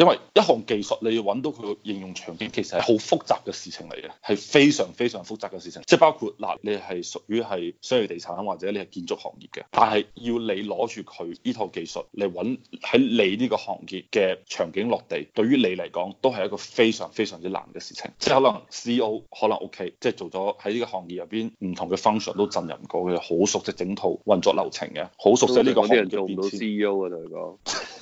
因為一項技術你要揾到佢應用場景，其實係好複雜嘅事情嚟嘅，係非常非常複雜嘅事情。即係包括嗱，你係屬於係商業地產或者你係建築行業嘅，但係要你攞住佢呢套技術嚟揾喺你呢個行業嘅場景落地，對於你嚟講都係一個非常非常之難嘅事情。即係可能 CEO 可能 OK，即係做咗喺呢個行業入邊唔同嘅 function 都陣人過嘅，好熟悉整套運作流程嘅，好熟悉呢個行業嘅變遷，有啲人做唔到 CEO 嘅、啊，對佢講。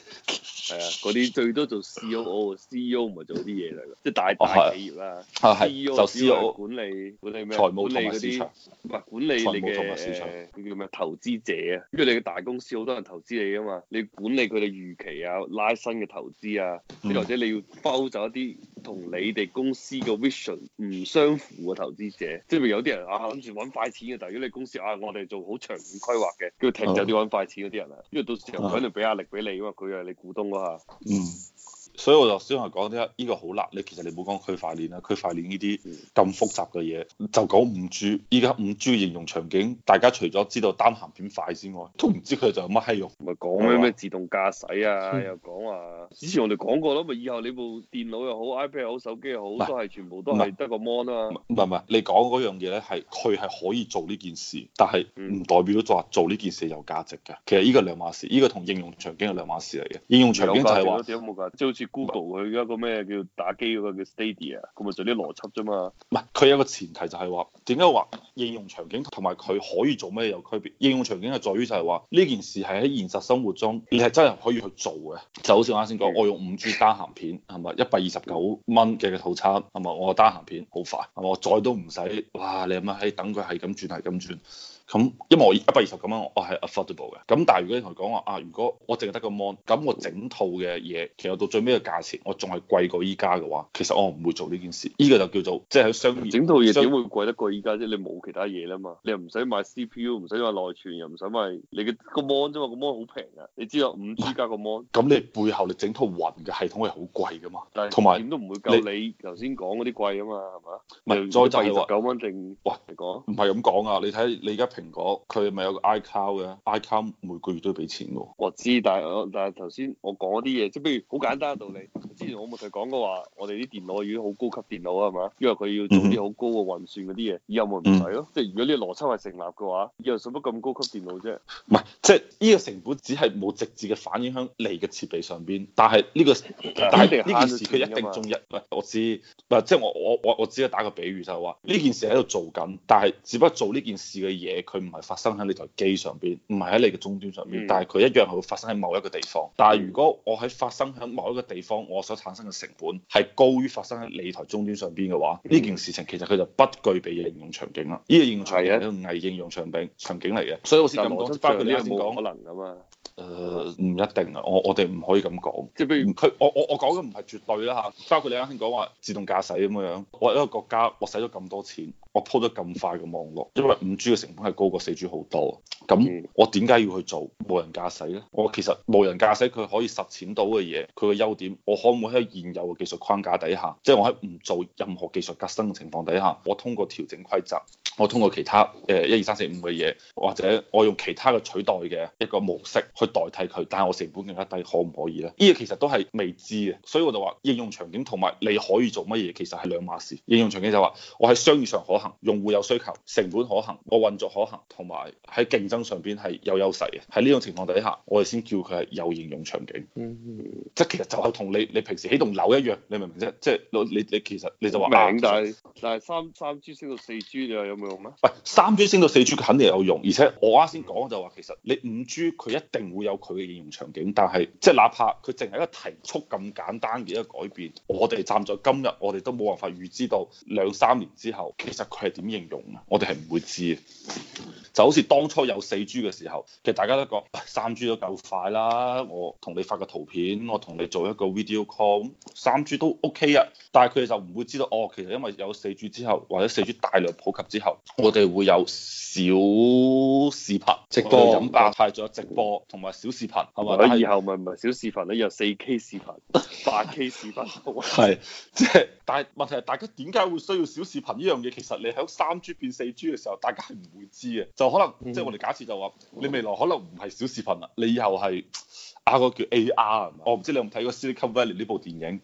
係啊，嗰啲最多做 C.O.O.，C.O. 唔係做啲嘢嚟噶，即係大大企業啦、啊。哦、啊係。啊、C.O. 就 C.O. 管理管理嗰啲咩？財務同埋市場。唔係管理你嘅、啊、叫咩？投資者啊，因為你嘅大公司好多人投資你啊嘛，你管理佢哋預期啊，拉新嘅投資啊，嗯、或者你要包走一啲。同你哋公司嘅 vision 唔相符嘅、啊、投資者，即係咪有啲人啊諗住揾快錢嘅？但係如果你公司啊，我哋做好長遠規劃嘅，叫停就要揾快錢嗰啲人啊，因為到時候佢肯定俾壓力俾你㗎嘛，佢係、oh. 你股東啊嘛。嗯。Mm. 所以我就先係講啲依個好辣，你其實你唔好講區塊鏈啦，區塊鏈呢啲咁複雜嘅嘢，就講五 G，依家五 G 嘅應用場景，大家除咗知道單行點快之外，都唔知佢就有乜閪用。咪講咩咩自動駕駛啊，嗯、又講話、啊，之前我哋講過啦，咪以後你部電腦又好，iPad 又好，手機又好，是都係全部都係得個 mon 啊。唔係唔係，你講嗰樣嘢咧，係佢係可以做呢件事，但係唔代表作做呢件事有價值嘅。嗯、其實依個兩碼事，呢、呢個同應用場景係兩碼事嚟嘅。應用場景就係話，即係好 Google 佢而家個咩叫打機嗰個叫 Stadia，咁咪做啲邏輯啫嘛？唔係佢有一個前提就係話，點解話應用場景同埋佢可以做咩有區別？應用場景係在於就係話呢件事係喺現實生活中你係真係可以去做嘅。就好似我啱先講，我用五 G 單行片係咪一百二十九蚊嘅套餐？係咪我個單行片好快？係咪我再都唔使哇？你係咪喺等佢係咁轉係咁轉。咁，因為我一百二十九蚊，我係 affordable 嘅。咁但係如果你同佢講話啊，如果我淨係得個 mon，咁我整套嘅嘢，其實到最尾嘅價錢，我仲係貴過依家嘅話，其實我唔會做呢件事。呢個就叫做即係喺商業。整套嘢點商業會貴得過依家啫？你冇其他嘢啦嘛，你又唔使買 CPU，唔使買內存，又唔使買你嘅個 mon 啫嘛。個 mon 好平噶，你知啦，五 G 加個 mon。咁你背後你整套雲嘅系統係好貴噶嘛？同埋點都唔會夠你頭先講嗰啲貴啊嘛，係咪啊？唔係再貴十九蚊定？喂，你講唔係咁講啊？你睇你而家。蘋果佢咪有個 iCloud 嘅，iCloud 每個月都要俾錢嘅。我知，但係我但係頭先我講嗰啲嘢，即係比如好簡單嘅道理。之前我冇佢講過話，我哋啲電腦已經好高級電腦啦，係嘛？因為佢要做啲好高嘅運算嗰啲嘢，以後冇唔使咯。嗯、即係如果呢個邏輯係成立嘅話，以後使乜咁高級電腦啫？唔係，即係呢個成本只係冇直接嘅反映喺你嘅設備上邊，但係呢、呢個定但係呢件事佢一定仲入。喂，我知，唔係，即係我我我我只係打個比喻就係話呢件事喺度做緊，但係只不過做呢件事嘅嘢。佢唔係發生喺你台機上邊，唔係喺你嘅終端上邊，嗯、但係佢一樣係會發生喺某一個地方。但係如果我喺發生喺某一個地方，我所產生嘅成本係高於發生喺你台終端上邊嘅話，呢、嗯、件事情其實佢就不具備應用場景啦。呢、這個應用場景係偽應用場景是的 場景嚟嘅，所以我先咁講，包括你啱先講冇可能噶嘛。誒，唔一定啊，我我哋唔可以咁講。即係譬如佢，我我我講嘅唔係絕對啦嚇，包括你啱先講話自動駕駛咁樣樣，我一個國家我使咗咁多錢。我鋪得咁快嘅網絡，因為五 G 嘅成本係高過四 G 好多。咁我點解要去做無人駕駛咧？我其實無人駕駛佢可以實踐到嘅嘢，佢嘅優點。我可唔可以喺現有嘅技術框架底下，即係我喺唔做任何技術革新嘅情況底下，我通過調整規則。我通過其他誒一二三四五嘅嘢，個或者我用其他嘅取代嘅一個模式去代替佢，但係我成本更加低，可唔可以呢？呢、呢個其實都係未知嘅，所以我就話應用場景同埋你可以做乜嘢其實係兩碼事。應用場景就話我喺商業上可行，用戶有需求，成本可行，我運作可行，同埋喺競爭上邊係有優勢嘅。喺呢種情況底下，我哋先叫佢係有應用場景。嗯、即係其實就係同你你平時起棟樓一樣，你明唔明啫？即係你你，你其實你就話明㗎，但係三三 G 升到四 G 你有冇？喂，三 G 升到四 G，肯定有用。而且我啱先講就話，其實你五 G 佢一定會有佢嘅應用場景。但係即係哪怕佢淨係一個提速咁簡單嘅一個改變，我哋站在今日，我哋都冇辦法預知到兩三年之後，其實佢係點應用啊？我哋係唔會知。就好似當初有四 G 嘅時候，其實大家都講三 G 都夠快啦。我同你發個圖片，我同你做一個 video call，三 G 都 OK 啊。但係佢哋就唔會知道，哦，其實因為有四 G 之後，或者四 G 大量普及之後。我哋會有小視頻、直播，派咗白直播同埋小視頻係嘛？佢以後咪唔係小視頻，你有四 K 視頻、八 K 視頻，係即係。但係問題係大家點解會需要小視頻呢樣嘢？其實你喺三 G 變四 G 嘅時候，大家係唔會知嘅。就可能即係、嗯、我哋假設就話，你未來可能唔係小視頻啦，你以後係啊、嗰個叫 AR 係嘛？我唔知你有冇睇過《Super Valley》呢部電影。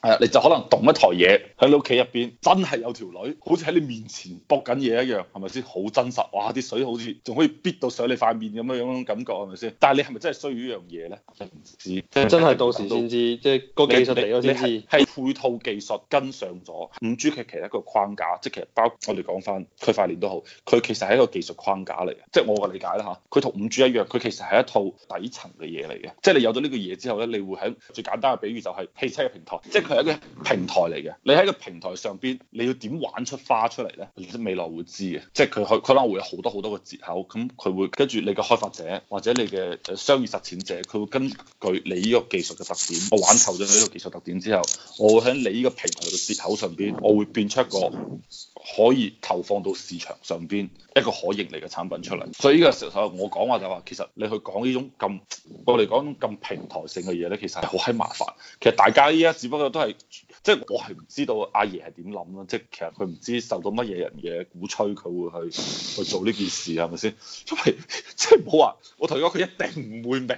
係啊，你就可能動一台嘢喺你屋企入邊，真係有條女好似喺你面前搏緊嘢一樣是是，係咪先好真實？哇！啲水好似仲可以逼到上你塊面咁樣樣感覺係咪先？但係你係咪真係需要呢樣嘢咧？唔知真係到時先知，即係個技，技術地嗰啲係配套技術跟上咗。五 G 其實係一個框架，即係其實包括我哋講翻區塊鏈都好，佢其實係一個技術框架嚟嘅，即係我個理解啦嚇。佢同五 G 一樣，佢其實係一套底層嘅嘢嚟嘅，即係你有咗呢個嘢之後咧，你會喺最簡單嘅比喻就係汽車嘅平台。即係佢係一個平台嚟嘅，你喺個平台上邊，你要點玩出花出嚟咧？未來會知嘅，即係佢佢可能會有好多好多個接口，咁佢會跟住你嘅開發者或者你嘅商業實踐者，佢會根據你呢個技術嘅特點，我玩透咗你呢個技術特點之後，我會喺你呢個平台嘅接口上邊，我會變出一個。可以投放到市場上邊一個可盈利嘅產品出嚟，所以呢個時候我講話就話，其實你去講呢種咁我嚟講咁平台性嘅嘢咧，其實係好閪麻煩。其實大家依家只不過都係，即係我係唔知道阿爺係點諗咯，即係其實佢唔知受到乜嘢人嘅鼓吹，佢會去去做呢件事係咪先？因為即係唔好話，我同你講佢一定唔會明。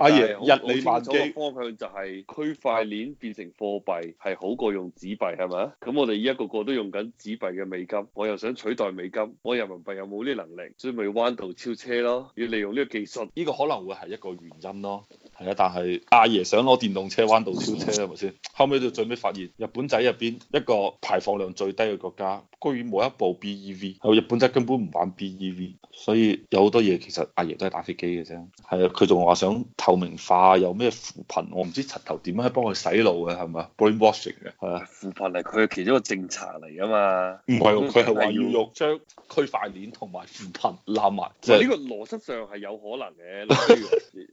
阿爺日理萬機，方向就係區塊鏈變成貨幣係好過用紙幣係咪啊？咁我哋依家一個個都用緊紙幣嘅美金，我又想取代美金，我人民幣又冇呢啲能力？所以咪彎道超車咯，要利用呢個技術，呢個可能會係一個原因咯。係啊，但係阿爺想攞電動車彎道超車，係咪先？後尾就最尾發現，日本仔入邊一個排放量最低嘅國家。居然冇一部 BEV，有日本仔根本唔玩 BEV，所以有好多嘢其實阿爺都係打飛機嘅啫。係啊，佢仲話想透明化，有咩扶貧？我唔知柒頭點樣去幫佢洗腦嘅係咪？Brainwashing 嘅係啊，扶貧係佢嘅其中一個政策嚟噶嘛。唔係，佢係話要將區塊鏈同埋扶貧。攬埋。呢個邏輯上係有可能嘅。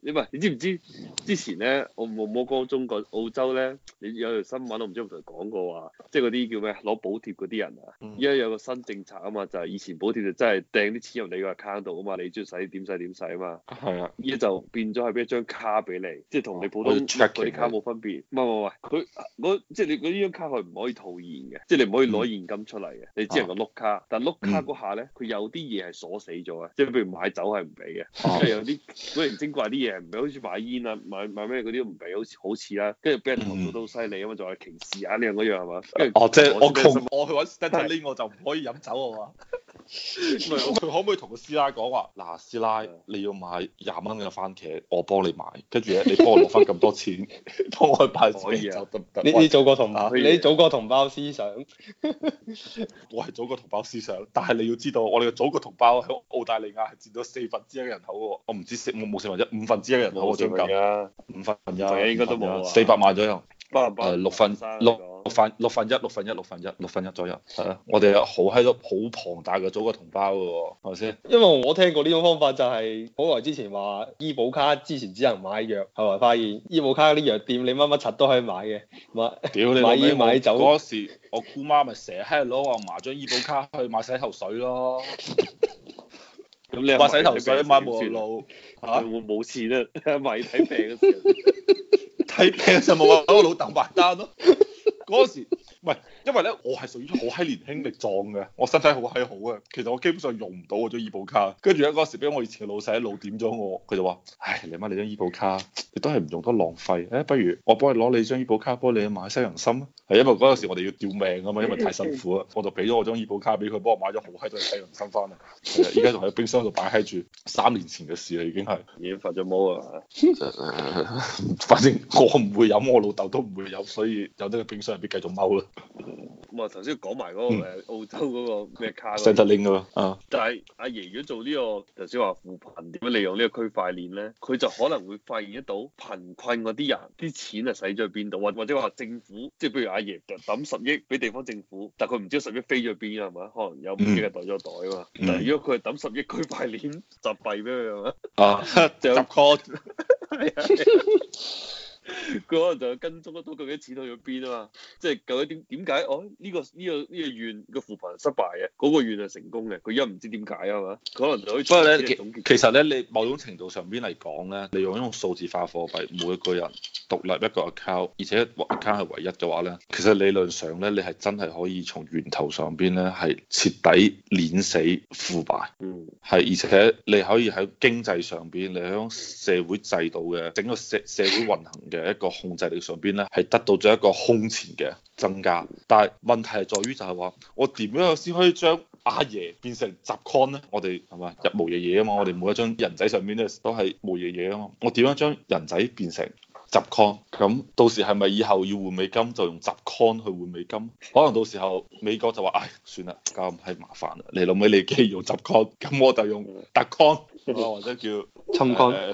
你唔係你知唔知之前咧，我冇冇講中國澳洲咧，你有條新聞我唔知有冇同你講過話，即係嗰啲叫咩攞補貼嗰啲人啊？依家有個新政策啊嘛，就係以前補貼就真係掟啲錢入你個卡度啊嘛，你中意使點使點使啊嘛。係啊，依家就變咗係俾一張卡俾你，即係同你普通嗰啲卡冇分別。唔係唔係，佢即係你嗰張卡係唔可以套現嘅，即係你唔可以攞現金出嚟嘅，你只能夠碌卡。但碌卡嗰下咧，佢有啲嘢係鎖死咗嘅，即係譬如買酒係唔俾嘅，即係有啲古靈精怪啲嘢唔俾，好似買煙啊、買買咩嗰啲都唔俾，好似好似啦，跟住俾人投到都好犀利啊嘛，就有歧視下呢樣嗰樣係嘛？哦，即係我窮，我去揾，我就唔可以飲酒啊，唔，佢可唔可以同個師奶講話？嗱，師奶，你要買廿蚊嘅番茄，我幫你買，跟住咧，你幫我攞翻咁多錢，幫我去辦啊。得唔得？你你祖國同胞，你祖國同胞思想，我係祖國同胞思想，但係你要知道，我哋嘅祖國同胞喺澳大利亞係佔到四分之一嘅人口喎。我唔知四，我冇四分一，五分之一人口我將夠。五分一應該都冇，四百萬左右。八六份六分六份六份一六份一六份一六份一左右，係啊，我哋好閪多好龐大嘅祖國同胞嘅、哦，係咪先？因為我聽過呢種方法就係、是、好耐之前話醫保卡之前只能買藥，後來發現醫保卡嗰啲藥店你乜乜柒都可以買嘅，買買買酒。嗰時我姑媽咪成日攞我阿嫲張醫保卡去買洗頭水咯，咁 你買，買洗頭水買沐浴露？嚇，會冇錢啊！咪睇病嘅睇病就冇話揾我老豆埋單咯，嗰 時唔因為咧，我係屬於好閪年輕力壯嘅，我身體很很好閪好啊，其實我基本上用唔到我張醫保卡。跟住咧嗰時，俾我以前老細一路點咗我，佢就話：唉，你媽你張醫保卡，你都係唔用得浪費。誒、欸，不如我幫你攞你張醫保卡，幫你買西洋參。係因為嗰陣時我哋要吊命啊嘛，因為太辛苦啦，我就俾咗我張醫保卡俾佢，幫我買咗好閪多西洋參返嚟。而家仲喺冰箱度擺喺住，三年前嘅事啦，已經係。已經發咗毛啊！反正我唔會飲，我老豆都唔會飲，所以有得喺冰箱入邊繼續踎啦。咁啊，頭先講埋嗰個、嗯、澳洲嗰個咩卡咯？特領咯，啊！但係阿爺如果做呢、呢個頭先話扶貧，點樣利用呢個區塊鏈咧？佢就可能會發現得到貧困嗰啲人啲錢啊，使咗去邊度啊？或者話政府，即係譬如阿爺就抌十億俾地方政府，但佢唔知十億飛咗邊啊？係咪？可能有五億係袋咗袋啊嘛？嗱、嗯，嗯、但如果佢係抌十億區塊鏈就幣俾佢啊嘛？啊，集 coin。 佢可能就跟蹤得到、就是、究竟錢去咗邊啊嘛，即係究竟點點解哦呢個呢、呢個呢、呢個怨個扶貧失敗嘅，嗰、嗰個怨係成功嘅，佢一唔知點解啊嘛。可能就可以不過咧，其實咧，你某種程度上邊嚟講咧，你用一種數字化貨幣，每一個人獨立一個 account，而且 account 係唯一嘅話咧，其實理論上咧，你係真係可以從源頭上邊咧係徹底碾死腐敗，係、嗯、而且你可以喺經濟上邊，你喺社會制度嘅整個社社會運行。嘅一個控制力上邊咧，係得到咗一個空前嘅增加。但係問題係在於就係話，我點樣先可以將阿爺變成習 con 咧？我哋係嘛入毛爺爺啊嘛，我哋每一張人仔上邊咧都係毛爺爺啊嘛。我點樣將人仔變成習 con？咁到時係咪以後要換美金就用習 con 去換美金？可能到時候美國就話：唉、哎，算啦，咁係麻煩啦。嚟起你嚟機用習 con，咁我就用特 con 或者叫侵 con。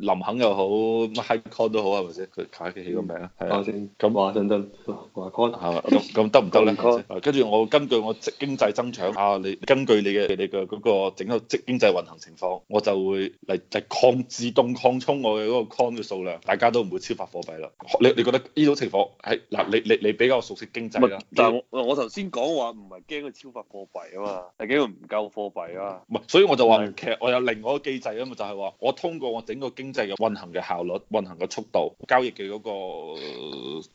林肯又好，乜 High Con 都好，係咪先？佢卡幾起個名啊？係啊。華盛咁華盛頓，華 Con 係嘛？咁咁得唔得咧？跟住我根據我即經濟增長啊，你根據你嘅你嘅嗰個整個即經濟運行情況，我就會嚟嚟擴自動擴充我嘅嗰個 Con 嘅數量，大家都唔會超發貨幣啦。你你覺得呢種情況係嗱？你你你比較熟悉經濟啦。但係我我頭先講話唔係驚佢超發貨幣啊嘛，係驚佢唔夠貨幣啊。唔係，所以我就話其實，我有另外一個機制啊嘛，就係話我通過我整個經。經濟嘅運行嘅效率、運行嘅速度、交易嘅嗰個，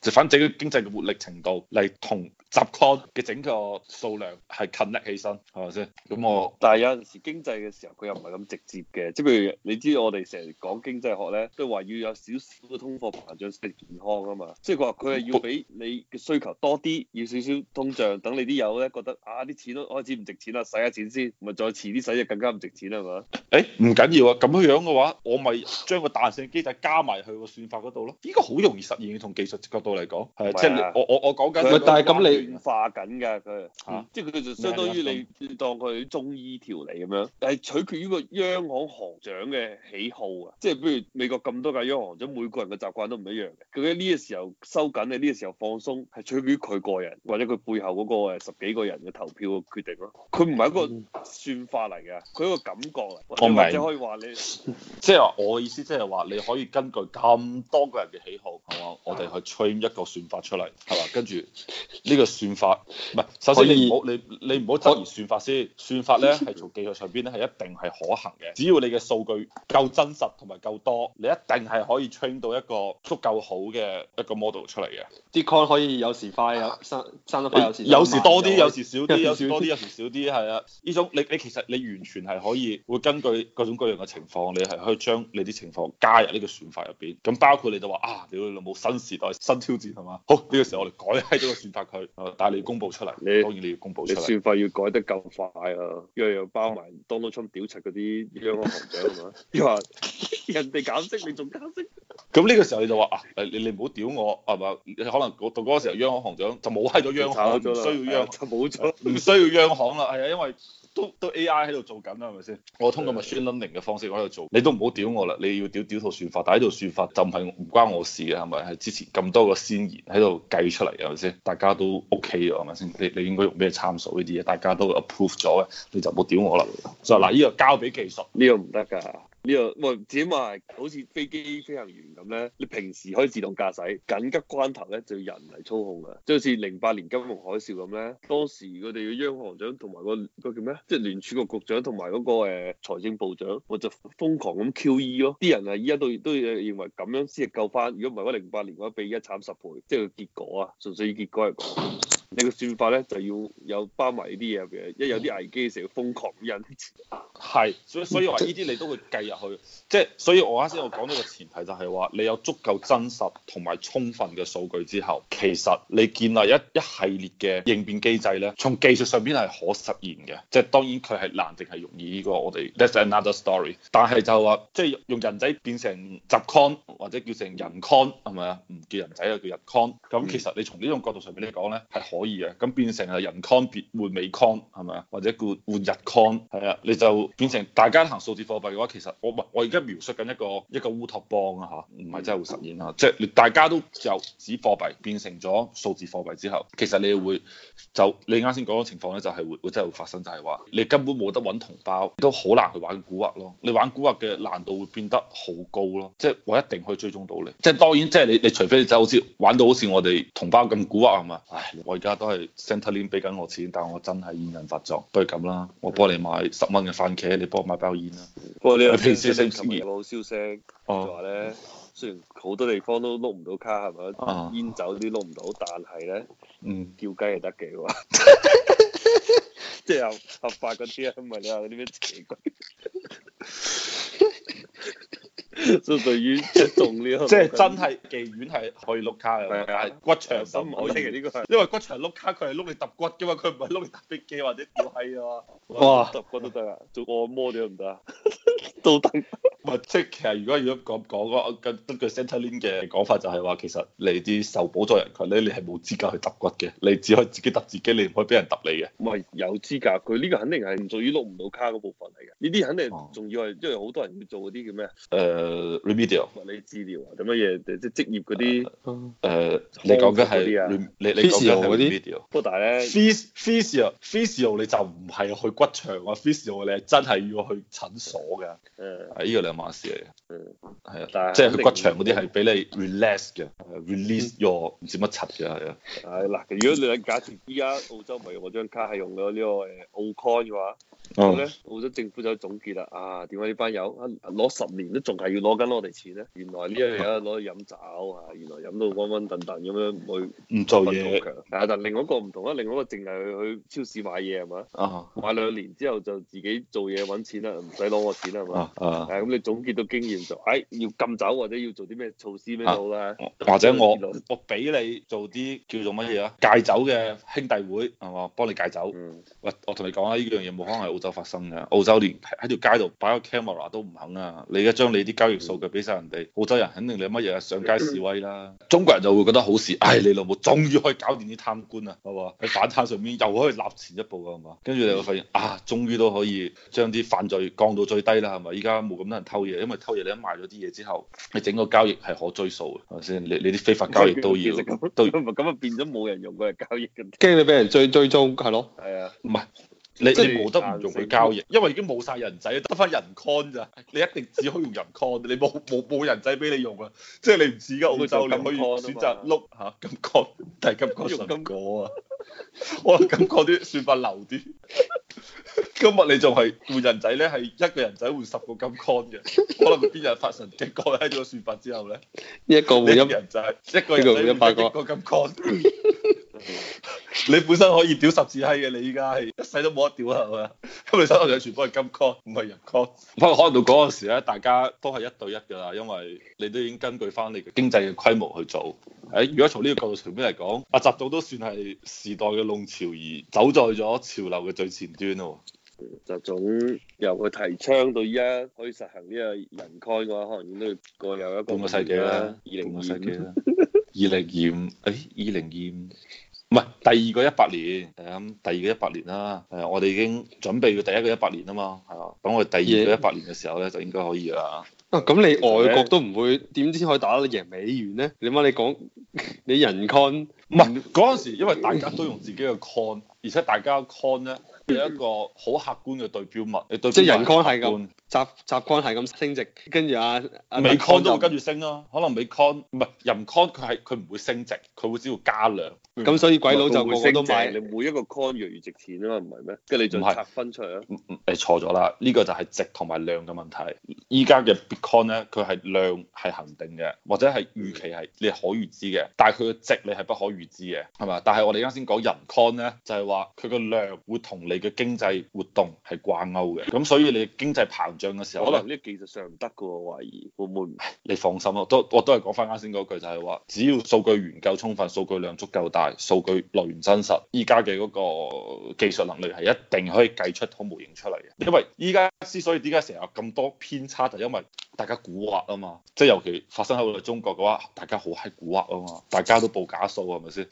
就反正經濟嘅活力程度嚟同。十 c 嘅整個數量係近叻起身，係咪先？咁我但係有陣時經濟嘅時候佢又唔係咁直接嘅，即係譬如你知道我哋成日講經濟學咧，都話要有少少嘅通貨膨脹先健康啊嘛，即係話佢係要俾你嘅需求多啲，要少少通脹，等你啲友咧覺得啊啲錢都開始唔值錢啦，使下錢先，咪再遲啲使就更加唔值錢啦，欸、係咪啊？唔緊要啊，咁樣樣嘅話，我咪將個彈性機制加埋去個算法嗰度咯，應該好容易實現嘅，從技術角度嚟講，係即係我我我，我講緊，但係咁你。變化緊㗎佢，啊、即係佢就相當於你，你當佢中醫調理咁樣，係取決於個央行行長嘅喜好啊！即係譬如美國咁多間央行長，咁每個人嘅習慣都唔一樣嘅。佢喺呢個時候收緊，呢、呢個時候放鬆，係取決於佢個人或者佢背後嗰個誒十幾個人嘅投票決定咯。佢唔係一個算法嚟嘅，佢一個感覺啊、嗯！我唔或者可以話你，即係我意思，即係話你可以根據咁多個人嘅喜好，係嘛、嗯？我哋去 train 一個算法出嚟，係嘛？跟住呢個。憲法。唔係，首先你唔好以你你唔好質疑算法先，以算法咧係從技術上邊咧係一定係可行嘅，只要你嘅數據夠真實同埋夠多，你一定係可以 train 到一個足夠好嘅一個 model 出嚟嘅。啲 con 可以有時快有生生得快，有時，有時多啲，有時少啲，有時多啲，有時少啲，係啊，呢種你你其實你完全係可以會根據各種各樣嘅情況，你係可以將你啲情況加入呢個算法入邊。咁包括你就話啊，屌你老母新時代新挑戰係嘛？好，呢個時候我哋改閪咗個算法佢，帶你。公布出嚟，你當然你要公布出嚟，你算法要改得夠快啊！樣樣包埋當當沖屌柒嗰啲央行行長係嘛？你話 人哋減息，你仲減息？咁呢個時候你就話啊，你你唔好屌我係嘛？可能到嗰時候央行行長就冇喺咗央行，唔了需要央行，冇咗、啊，唔需要央行啦。係啊， 因為。都都 A I 喺度做緊啦，係咪先？我通過 machine learning 嘅方式我喺度做，你都唔好屌我啦！你要屌屌套算法，但係呢套算法就唔係唔關我事嘅，係咪？係之前咁多個先賢喺度計出嚟，係咪先？大家都 OK 嘅，係咪先？你你應該用咩參數呢啲嘢？大家都 approve 咗嘅，你就唔好屌我啦。所以嗱，呢個交俾技術，呢個唔得㗎。呢個喂，自己話好似飛機飛行員咁咧，你平時可以自動駕駛，緊急關頭咧就要人嚟操控嘅，即係好似零八年金融海嘯咁咧，當時佢哋嘅央行長同埋、嗰個個叫咩，即係聯儲局局長同埋嗰個誒財政部長，我就瘋狂咁 QE 咯，啲人啊依家都都認為咁樣先係救翻，如果唔係，嘅，零八年嘅話比而家慘十倍，即係個結果啊，純粹以結果嚟講。你個算法咧就要有包埋呢啲嘢嘅，一有啲危機嘅時候要瘋狂印，係， 所以所以話呢啲你都會計入去，即係，所以我啱先我講到個前提就係話你有足夠真實同埋充分嘅數據之後，其實你建立一一系列嘅應變機制咧，從技術上邊係可實現嘅，即係當然佢係難定係容易呢個，我哋 that's another story，但係就話即係用人仔變成集 con 或者叫成人 con 係咪啊？唔叫人仔啊，叫日 con，咁其實你從呢種角度上邊嚟講咧係可。可以啊，咁變成係人 con 變換美 con 係咪啊？或者換換日 con 係啊？你就變成大家行數字貨幣嘅話，其實我唔，我而家描述緊一個一個烏托邦啊嚇，唔係真係會實現啊！即係、嗯、大家都由紙貨幣變成咗數字貨幣之後，其實你會就你啱先講嘅情況咧，就係會會真係會發生，就係話你根本冇得揾同胞，都好難去玩蠱惑咯。你玩蠱惑嘅難度會變得好高咯，即係我一定可以追蹤到你。即係當然，即係你你除非你走好似玩到好似我哋同胞咁蠱惑係咪？唉，我而家。都係 Central Link 俾緊我錢，但我真係煙癮發作，不如咁啦，我幫你買十蚊嘅番茄，你幫我買包煙啦。不過、哦、你又平時成冇消息？聲、哦，話咧雖然好多地方都碌唔到卡係咪啊？是是哦、煙酒啲碌唔到，但係咧，叫雞係得嘅喎。即係 合法啲嘢因係你話啲咩奇怪？ 就對於即眾呢，即係真係妓院係可以碌卡嘅，係、啊、骨場心唔開。其實呢個係因為骨場碌卡，佢係碌你揼骨嘅嘛，佢唔係碌你揼飛機或者吊閪啊嘛。哇！揼骨都得啊，做按摩啲得唔得啊？都得。唔即係其實如果如果咁講嘅話，根據 Centralin 嘅講法就係話，其實你啲受保助人羣咧，你係冇資格去揼骨嘅，你只可以自己揼自己，你唔可以俾人揼你嘅。唔係有資格，佢呢個肯定係唔屬於碌唔到卡嗰部分嚟嘅。呢啲肯定仲要係因為好多人要做嗰啲叫咩啊？誒、呃。誒 remedial 你資料啊，做乜嘢即係職業嗰啲，誒，你講緊係你，你講緊 physio 嗰啲。不過但係 phys physio physio 你就唔係去骨場啊，physio 你係真係要去診所㗎。誒，係依個兩碼事嚟嘅。嗯，係啊，但係即係去骨場嗰啲係俾你 release 嘅，release your 唔知乜柒嘅係啊。係嗱，如果你係假設依家澳洲唔係用嗰張卡係用咗呢個誒 O coin 嘅話。好咧，到咗、嗯、政府就去總結啦。啊，點解呢班友啊攞十年都仲係要攞緊我哋錢咧？原來呢樣嘢攞去飲酒啊，原來飲到瘟瘟沌沌咁樣去唔做嘢。係啊，但另外一個唔同啊，另外一個淨係去超市買嘢係嘛？啊，買兩年之後就自己做嘢搵錢啦，唔使攞我錢啦係嘛？啊，咁你總結到經驗就，哎，要禁酒或者要做啲咩措施咩的好咧？都或者我我俾你做啲叫做乜嘢啊？戒酒嘅兄弟會係嘛？幫你戒酒。嗯、喂，我同你講下呢樣嘢冇可能係。就發生㗎，澳洲連喺條街度擺個 camera 都唔肯啊！你而家將你啲交易數據俾晒人哋，澳洲人肯定你乜嘢啊？上街示威啦、啊！ 中國人就會覺得好事，唉、哎，你老母終於可以搞掂啲貪官啊，係嘛？喺反貪上面又可以立前一步啊，係嘛？跟住你會發現啊，終於都可以將啲犯罪降到最低啦，係咪？依家冇咁多人偷嘢，因為偷嘢你一賣咗啲嘢之後，你整個交易係可追訴嘅，係咪先？你你啲非法交易都要都唔係咁啊，變咗冇人用佢嘅交易嘅。驚你俾人追追蹤，係咯？係啊，唔係。你即係冇得唔用佢交易，因為已經冇晒人仔，得翻人 con 咋？你一定只可以用人 con，你冇冇冇人仔俾你用啊！即係你唔似噶，我就你可以選擇碌下金 con，但提金 con 十個啊！我感覺啲算法流啲，今日你仲係換人仔咧？係一個人仔換十個金 con 嘅，可能邊日發神經改咗個算法之後咧，一個換人仔，一個換八個金 con。你本身可以屌十字閪嘅，你依家係一世都冇得屌啊，係咪？咁 你手頭上全部係金 coin，唔係人 coin。不過 可能到嗰陣時咧，大家都係一對一㗎啦，因為你都已經根據翻你嘅經濟嘅規模去做。誒、哎，如果從呢個角度上嚟講，阿習總都算係時代嘅弄潮兒，走在咗潮流嘅最前端咯。習總由佢提倡到依家可以實行呢個人 coin 嘅話，可能已要過有一半個世紀啦，二零二五。二零二五，誒，二零二五。唔係第二個一百年，係、嗯、咁第二個一百年啦。係、嗯、啊，我哋已經準備咗第一個一百年啊嘛，係啊。等我哋第二個一百年嘅時候咧，就應該可以啦。咁、嗯、吧你外國都唔會點先可以打得贏美元咧？點解你講你人 con？唔係嗰陣時，因為大家都用自己嘅 con， 而且大家 con 咧有一個好客觀嘅對標物，即係人 con 係咁。 習習慣係咁升值，跟住啊美 con 都會跟住升咯。可能美 con 唔係人 con，佢係佢唔會升值，佢會只要加量。咁所以鬼佬就會升值。你每一個 con 越嚟越值錢啊嘛，唔係咩？即係你再拆分出啊。你錯咗啦。呢個就係值同埋量嘅問題。依家嘅 Bitcoin 咧，佢係量係恒定嘅，或者係預期係你可預知嘅，但係佢嘅值你係不可預知嘅，係嘛？但係我哋啱先講人 con 咧，就係話佢個量會同你嘅經濟活動係掛鈎嘅。咁所以你經濟膨嘅時候，可能呢技術上唔得㗎，懷疑會唔會唔係？你放心咯，都我都係講翻啱先嗰句，就係話，只要數據源夠充分，數據量足夠大，數據來源真實，依家嘅嗰個技術能力係一定可以計出好模型出嚟嘅。因為依家之所以點解成日咁多偏差，就係、因為大家蠱惑啊嘛，即係尤其發生喺我哋中國嘅話，大家好閪蠱惑啊嘛，大家都報假數係咪先？是